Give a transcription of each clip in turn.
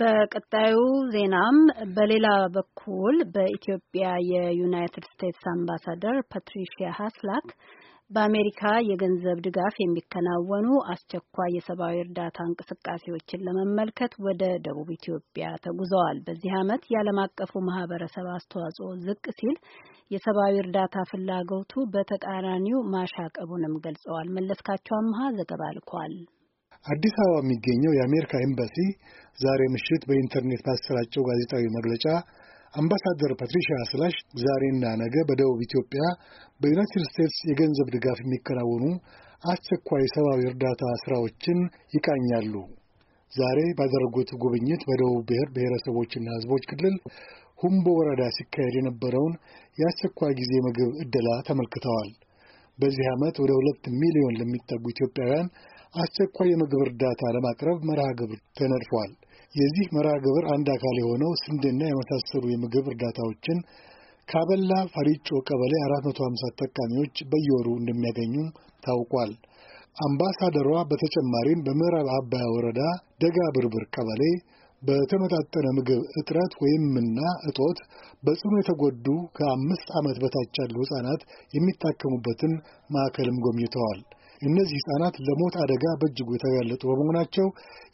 በቀጣዩ ዜናም በሌላ በኩል በኢትዮጵያ የዩናይትድ ስቴትስ አምባሳደር ፓትሪሺያ ሀስላክ በአሜሪካ የገንዘብ ድጋፍ የሚከናወኑ አስቸኳይ የሰብአዊ እርዳታ እንቅስቃሴዎችን ለመመልከት ወደ ደቡብ ኢትዮጵያ ተጉዘዋል። በዚህ ዓመት የዓለም አቀፉ ማህበረሰብ አስተዋጽኦ ዝቅ ሲል የሰብአዊ እርዳታ ፍላጎቱ በተቃራኒው ማሻቀቡንም ገልጸዋል። መለስካቸው አምሃ ዘገባ ልኳል። አዲስ አበባ የሚገኘው የአሜሪካ ኤምባሲ ዛሬ ምሽት በኢንተርኔት ባሰራጨው ጋዜጣዊ መግለጫ አምባሳደር ፓትሪሺያ ስላሽ ዛሬና ነገ በደቡብ ኢትዮጵያ በዩናይትድ ስቴትስ የገንዘብ ድጋፍ የሚከናወኑ አስቸኳይ ሰብአዊ እርዳታ ስራዎችን ይቃኛሉ። ዛሬ ባደረጉት ጉብኝት በደቡብ ብሔር ብሔረሰቦችና ሕዝቦች ክልል ሁምቦ ወረዳ ሲካሄድ የነበረውን የአስቸኳይ ጊዜ ምግብ ዕደላ ተመልክተዋል። በዚህ ዓመት ወደ ሁለት ሚሊዮን ለሚጠጉ ኢትዮጵያውያን አስቸኳይ የምግብ እርዳታ ለማቅረብ መርሃ ግብር ተነድፏል። የዚህ መርሃ ግብር አንድ አካል የሆነው ስንዴና የመሳሰሉ የምግብ እርዳታዎችን ካበላ ፈሪጮ ቀበሌ 450 ተጠቃሚዎች በየወሩ እንደሚያገኙ ታውቋል። አምባሳደሯ በተጨማሪም በምዕራብ አባያ ወረዳ ደጋ ብርብር ቀበሌ በተመጣጠነ ምግብ እጥረት ወይምና እጦት በጽኑ የተጎዱ ከአምስት ዓመት በታች ያሉ ሕፃናት የሚታከሙበትን ማዕከልም ጎብኝተዋል። እነዚህ ህጻናት ለሞት አደጋ በእጅጉ የተጋለጡ በመሆናቸው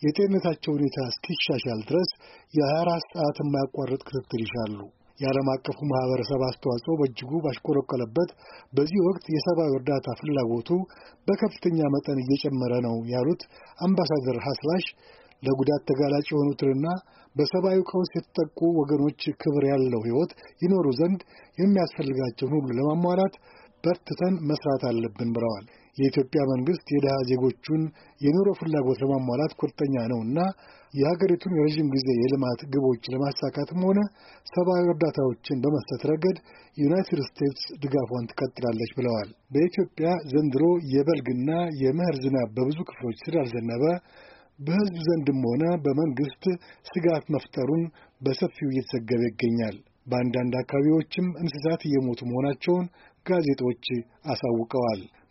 የጤንነታቸው ሁኔታ እስኪሻሻል ድረስ የ24 ሰዓት የማያቋርጥ ክትትል ይሻሉ። የዓለም አቀፉ ማህበረሰብ አስተዋጽኦ በእጅጉ ባሽቆለቆለበት በዚህ ወቅት የሰብአዊ እርዳታ ፍላጎቱ በከፍተኛ መጠን እየጨመረ ነው ያሉት አምባሳደር ሐስላሽ ለጉዳት ተጋላጭ የሆኑትንና በሰብአዊ ቀውስ የተጠቁ ወገኖች ክብር ያለው ሕይወት ይኖሩ ዘንድ የሚያስፈልጋቸውን ሁሉ ለማሟላት በርትተን መስራት አለብን ብለዋል። የኢትዮጵያ መንግስት የድሃ ዜጎቹን የኑሮ ፍላጎት ለማሟላት ቁርጠኛ እና የሀገሪቱን የረዥም ጊዜ የልማት ግቦች ለማሳካትም ሆነ ሰብአዊ እርዳታዎችን በመስጠት ረገድ ዩናይትድ ስቴትስ ድጋፏን ትቀጥላለች ብለዋል። በኢትዮጵያ ዘንድሮ የበልግና የምህር ዝናብ በብዙ ክፍሎች ስላልዘነበ በህዝብ ዘንድም ሆነ በመንግስት ስጋት መፍጠሩን በሰፊው እየተዘገበ ይገኛል። በአንዳንድ አካባቢዎችም እንስሳት እየሞቱ መሆናቸውን ጋዜጦች አሳውቀዋል።